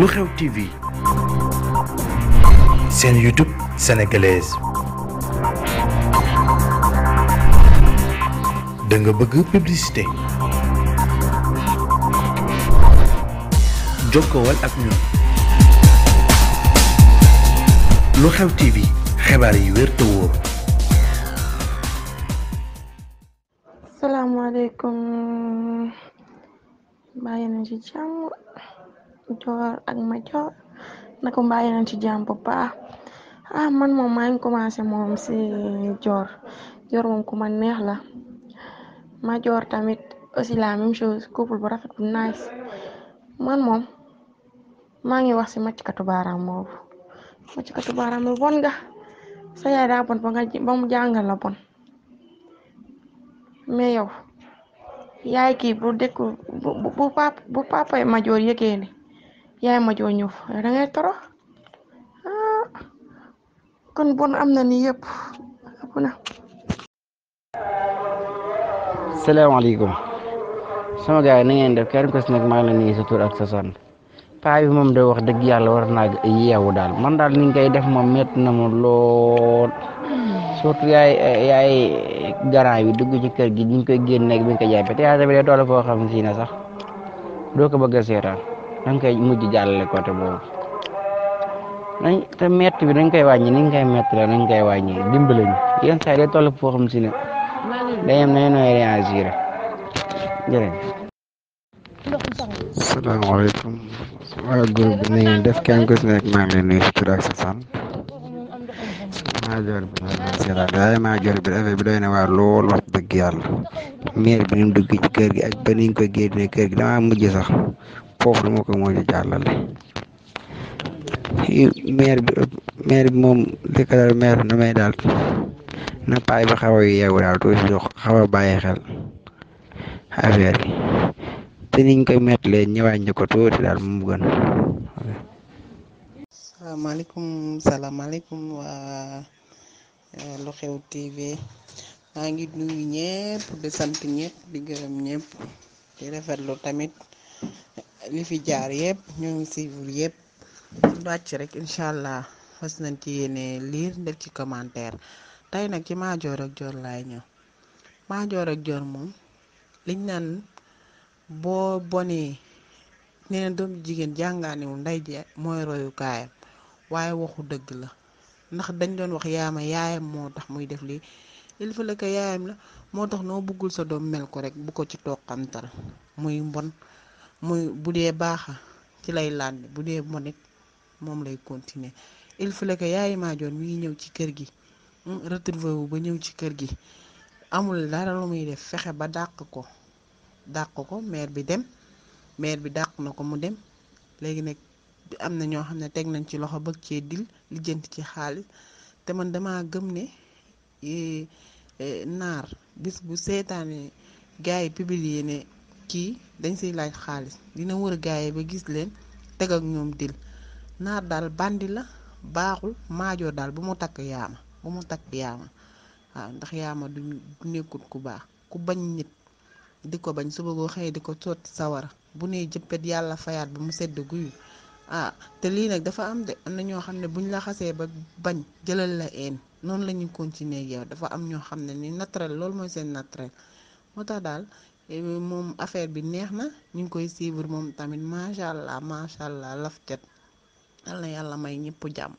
lu xew TV seen YouTube sénégalaise da nga bëgg publicité jokkowal ak ñun lu xew TV xibaar yi wér te wóor. salaamaaleykum bàyyi nañ ci jàmm. joor ak ma joor na ko bàyyi nañ ci jàmm bu baax ah man moom maa ngi commencé moom si joor joor moom ku neex la ma joor tamit aussi la même chose couple bu rafet bu nice man moom maa ngi wax si maccikatu baaraam boobu maccikatu baaraam bi bon nga sa yaay daa bon ba nga ba mu jàngal la bon mais yow yaay kii bu dëkk bu bu bu bu papa majoor yëgee ni yaay ma joo ñëw da ngay ah, am na ni yëpp ëpp na. salaamaaleykum sama gars yi na ngeen def kenn si nekk maa ngi leen nuyu ak sa sant paa bi moom da wax dëgg yàlla war naa yeewu daal man daal ni ngay def moom met na mu lool surtout yaay yaay garant dugg ci kër gi ni ñu koy génneeg bi ñu koy jaay yaa tamit day toll foo xam si ne sax doo ko bëgg a da nga koy mujj jàllale côté boobu nañ te metti bi dañ koy wàññi ni nga metti dañ koy wàññi dimbale ñu yenn saa yi day toll foo si ne day am na nooy réagir jërëjëf. salaamaaleykum waa groupe bi na ngeen def kenn ku si nekk maa ngi leen nuyu si tur ak sa sant maa joor bi maa ngi seetaan maa joor bi affaire bi doy na waar lool wax dëgg yàlla maire bi ni mu dugg ci kër gi ak ba ni koy ko génnee kër gi damaa mujj sax. foofu la ma koy mujj jàllale maire bi maire bi moom li ko daal maire na may daal na paay bi xaw a yeewu daal tuuti jox xaw a bàyyi xel affaire yi niñ koy mettalee ñëwaat ñu ko tuuti daal moom mu gën. salaamaaleykum salaamaaleykum waa eh, xew TV maa ngi nuyu ñëpp di sant ñëpp di gërëm ñëpp di tamit. li fi jaar yëpp ñoo ngi suivre yëpp wàcc rek incha allah fas nañ ci yéene liir def ci commentaire tey nag ci maajoor ak joor laay ñëw maajoor ak joor moom liñ naan boo bonee nee na doom jigéen jàngaaniwul ndey je mooy royukaayam waaye waxu dëgg la ndax dañ doon wax yaama yaayam moo tax muy def lii il faut que yaayam la moo tax noo bëggul sa doom mel ko rek bu ko ci toqantal muy mbon muy bu dee baaxa ci lay lànde bu dee mo nit moom lay continuer il fallait que yaay maajoon mi ngi ñëw ci kër gi hmm, retrouvé wu ba ñëw ci kër gi amul dara lu muy def fexe ba dàq ko dàq ko maire bi dem maire bi dàq na ko mu dem léegi nag am na ñoo xam ne teg nañ ci loxo bëgg cee dil lijjant ci xaalis te man dama gëm ne eh, eh, naar bis bu seetaane gars yi ne kii dañ si laaj xaalis dina wër gaaye ba gis leen teg ak ñoom dil naar daal bandi la baaxul maajoor daal bu mu takk yaama bu mu takk yaama waaw ndax yaama du nekkul ku baax ku bañ nit di ko bañ su goo xëyee di ko sotti sawara bu ne jëppet yàlla fayaat ba mu sedd guyu ah te lii nag dafa am de am na ñoo xam ne buñ laxasee ba bañ jëlal la een noonu la ñuy continuer dafa am ñoo xam ne nii naturel loolu mooy seen naturel moo tax daal moom affaire bi neex na ñu ngi koy suivre moom tamit macha allah macha allah laf cat yal na yàlla may ñëpp jàmm.